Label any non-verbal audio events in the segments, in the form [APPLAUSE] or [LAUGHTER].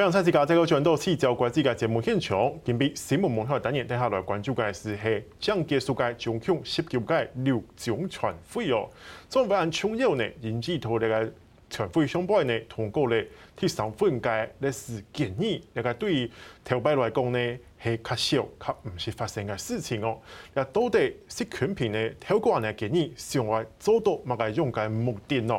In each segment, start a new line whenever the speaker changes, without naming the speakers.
非常之感激各位轉到《聚焦國際》節目現場，今晡新聞媒體等嘢，等下來關注的是，是將結束該中共十九屆六中全會。哦。作為按重要的甚至乎呢的全會上報呢，通過了第三份的歷史決議，呢、這個對頭擺來講呢係較、這個、少較唔是發生的事情哦。而到底習近平的頭友的決議，想來做到乜個用嘅目的呢？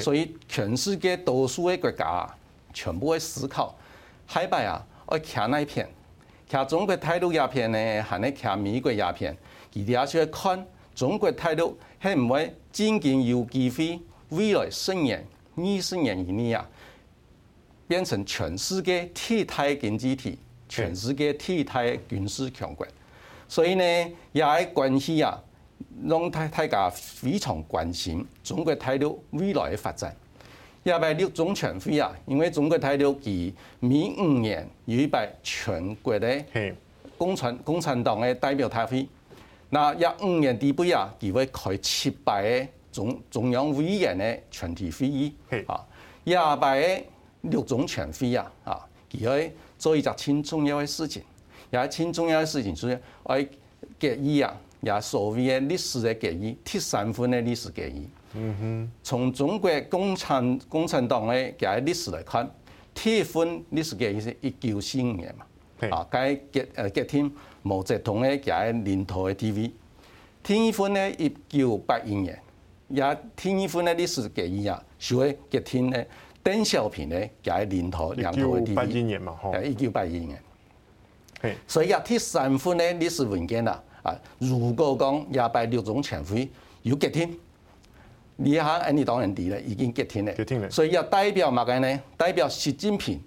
所以，全世界多數個國家全部會思考，海外啊，要吃那一片，吃中國大陸鴉片呢，還咧吃美國鴉片，其實也要看中國大陸，係唔會真正有機會未來十年、二十年以內啊，變成全世界替代經濟體，全世界替代軍事強國，所以呢，也、那、係、個、關係啊。讓大家非常關心中國大陸未來嘅發展，一百六中全會啊，因為中國大陸其每五年有一屆全國嘅共產共產黨嘅代表大會，那廿五年底杯啊，佢會開七百嘅中中央委員嘅全體會議，啊，一百六中全會啊，啊，佢喺做一隻輕重要嘅事情，也係輕重要嘅事情，主要係建議啊。也所謂嘅歷史嘅決議，第三份嘅歷史決議。嗯哼，從中國共產共產黨嘅嘅歷史嚟看，第一份歷史決議係一九四五年嘛。啊，喺結誒結天，毛澤東嘅嘅年頭嘅 TV。天一分咧一九八一年，也天一分咧歷史決議啊，屬於結天咧，鄧小平咧嘅年頭兩頭嘅 t 一年嘛，一九八一年。係、 [LAUGHS] 嗯，所以一第三份咧歷史文件啦、啊。啊！如果講廿拜六中全會要結天，李哈咁你當然知咧，已經結天咧。結天咧，所以要代表乜嘅呢？代表習近平，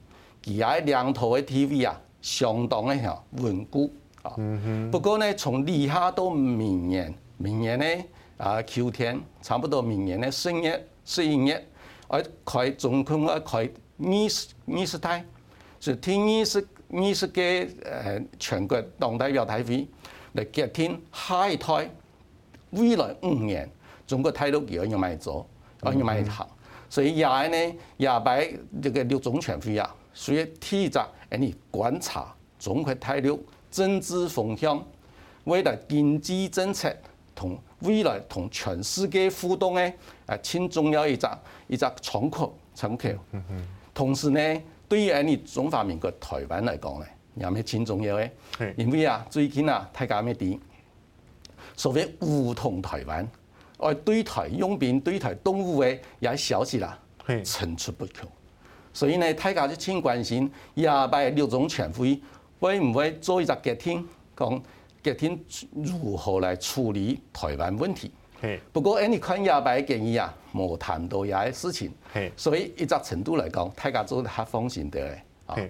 而家兩套嘅 TV 啊，相當嘅響穩固啊、嗯。不過呢，從李下到明年，明年呢啊秋天，差不多明年呢十月十一月，我開中共一開二十二十大，就聽二十二十屆誒全國黨代表大會。嚟隔天開台，未來五年中國大陸要要埋左，要買好所以廿呢廿八呢個六中全會啊，所以提一隻，嚟觀察中國大陸政治風向，為了經濟政策同未來同全世界互動咧，重要一隻一隻窗口、長橋。嗯嗯。同時呢對於你中華民國台灣來講呢也咩錢重要咧？因為啊，最近啊，大家咩點。所謂武統台灣，而對台用兵、對台動武嘅也消息啦，層出不窮。所以呢，大家就請關心亞伯六中全會會唔會做一個決定，講決定如何來處理台灣問題。不過，誒你看亞伯嘅建議啊，冇談到啲事情。所以，一定程度來講，大家做得好放心得嘅。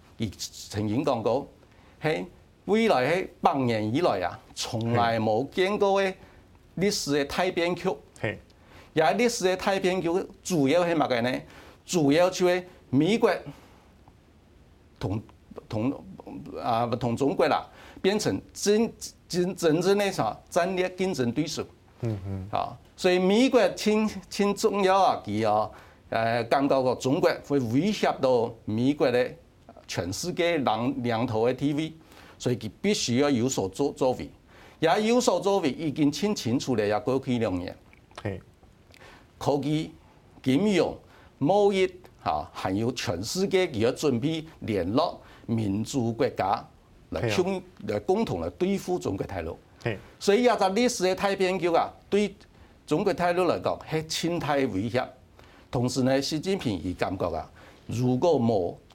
曾經講過喺未來喺百年以來啊，從來冇見過嘅歷史嘅大變局，係而歷史嘅大變局主要係乜嘢咧？主要就係美國同同啊同中國啦，變成真真真正嘅啊戰略競爭對手。嗯哼，啊、嗯，所以美國親親重要啊，佢啊誒感到中國會威脅到美國咧。全世界人量頭嘅 TV，所以佢必須要有所作作為。也有所作為已經清清楚咧，也過去兩年。係、hey. 科技、金融、貿易嚇，還有全世界佢要準備聯絡民主國家，嚟、hey. 嚟共同嚟對付中國大陸。係、hey.，所以一個歷史嘅大變局啊，對中國大陸嚟講，係潛在威脅。同時呢，習近平亦感覺啊，如果冇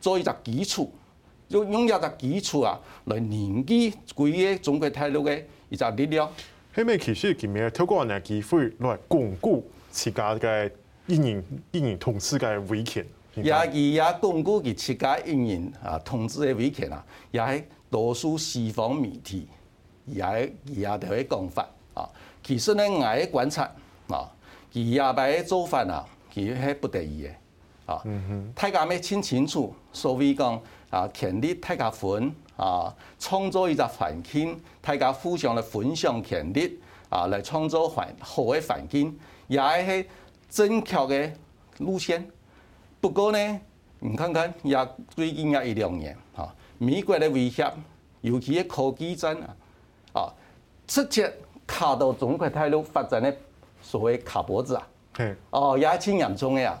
做一個基礎，要用一個基礎啊，來凝聚整個中國大陸的一個力量。咁咪其實今天透過呢個機會來鞏固自家嘅依然依然統治嘅威權。也而也鞏固佢自家依然嚇統治嘅威權啦，也係多數西方媒體，也係而家就係講法啊。其實呢，我哋觀察啊，而家擺嘅做法啊，其實是不得已的。它會嗯哼，大家咩遷清，清楚，所謂講啊，權力大家分啊，創、啊、造一個環境，大家互相嘅分享權力啊，來創造好的環境，也係正確嘅路線。不過呢，你看看也最近啊一兩年啊，美國嘅威脅，尤其嘅科技戰啊，啊直接卡到中國大陸發展咧，所謂卡脖子啊，哦，也係嚴重眾嘅啊。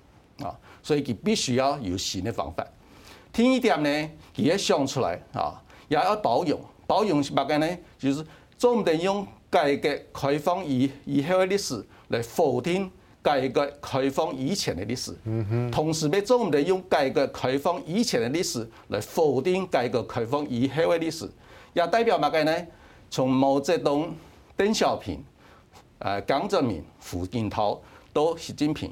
啊，所以佢必須要有新的方法。聽一點呢，佢也想出來啊，也要包容。包容是乜嘅呢？就是，總唔得用改革開放以以後的歷史來否定改革開放以前的歷史，嗯。同時，咪總唔得用改革開放以前的歷史來否定改革開放以後的歷史。也代表乜嘅呢？從毛澤東、鄧小平、誒、呃、江澤民、胡錦濤到習近平。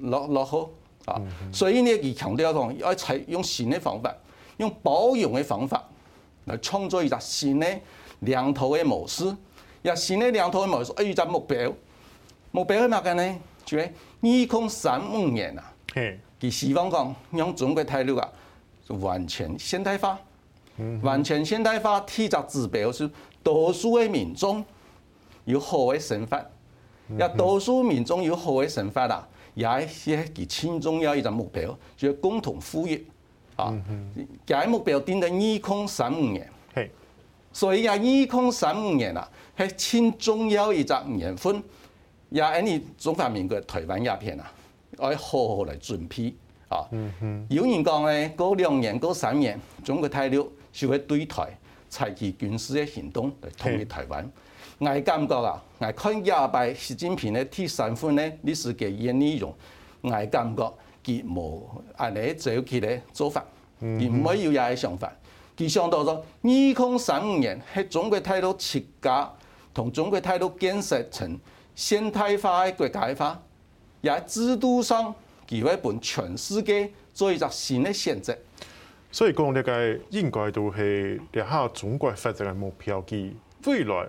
落落後，啊、嗯！所以呢，佢強調講要,要用新嘅方法，用包容嘅方法來創造一個新嘅兩頭嘅模式。要新的嘅兩頭的嘅模式，誒有隻目標？目標係乜嘅呢，就係二零三五年啊！佢希望講讓中國大陸啊，完全現代化，完全現代化，提隻指標是多數嘅民眾有好嘅想法，要多數民眾有好嘅想法啦。也是一個佢黨中央一個目標是，就共同富裕啊！假目標定在二空三五年，係，所以啊，二空三五年啊，係黨中央一個五年分。也喺你總發明個台灣亞片啊，愛好好來準備。啊！有人講咧，嗰兩年嗰三年，中國大陸就會對台採取軍事嘅行動嚟統一台灣。挨感覺啊，挨看家拜習近平咧，第三份呢，歷史決議呢樣，挨感覺，佢冇，係你做佢哋做法，佢、嗯、沒有以有想法。佢想到說，二零三五年喺中國態度設，設家同中國態度建設成現代化嘅國家化，也制度上，佢會俾全世界做一個新嘅選擇。所以講呢個應該
都係中國發展嘅目標，佢未來。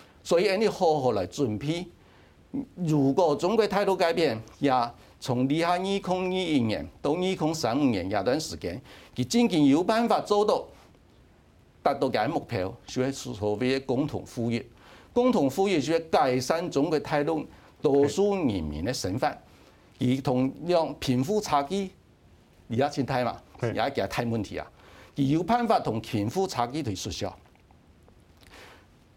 所以你好好來準備。如果中國態度改變，也從二零二一年到二零三五年，這段時間，你真正經有辦法做到達到這一目標，所謂的共同富裕。共同富裕需要改善中國態度，多數人民的身份你同樣貧富差距也真大嘛，也一件大問題啊。而有辦法同貧富差距的縮小。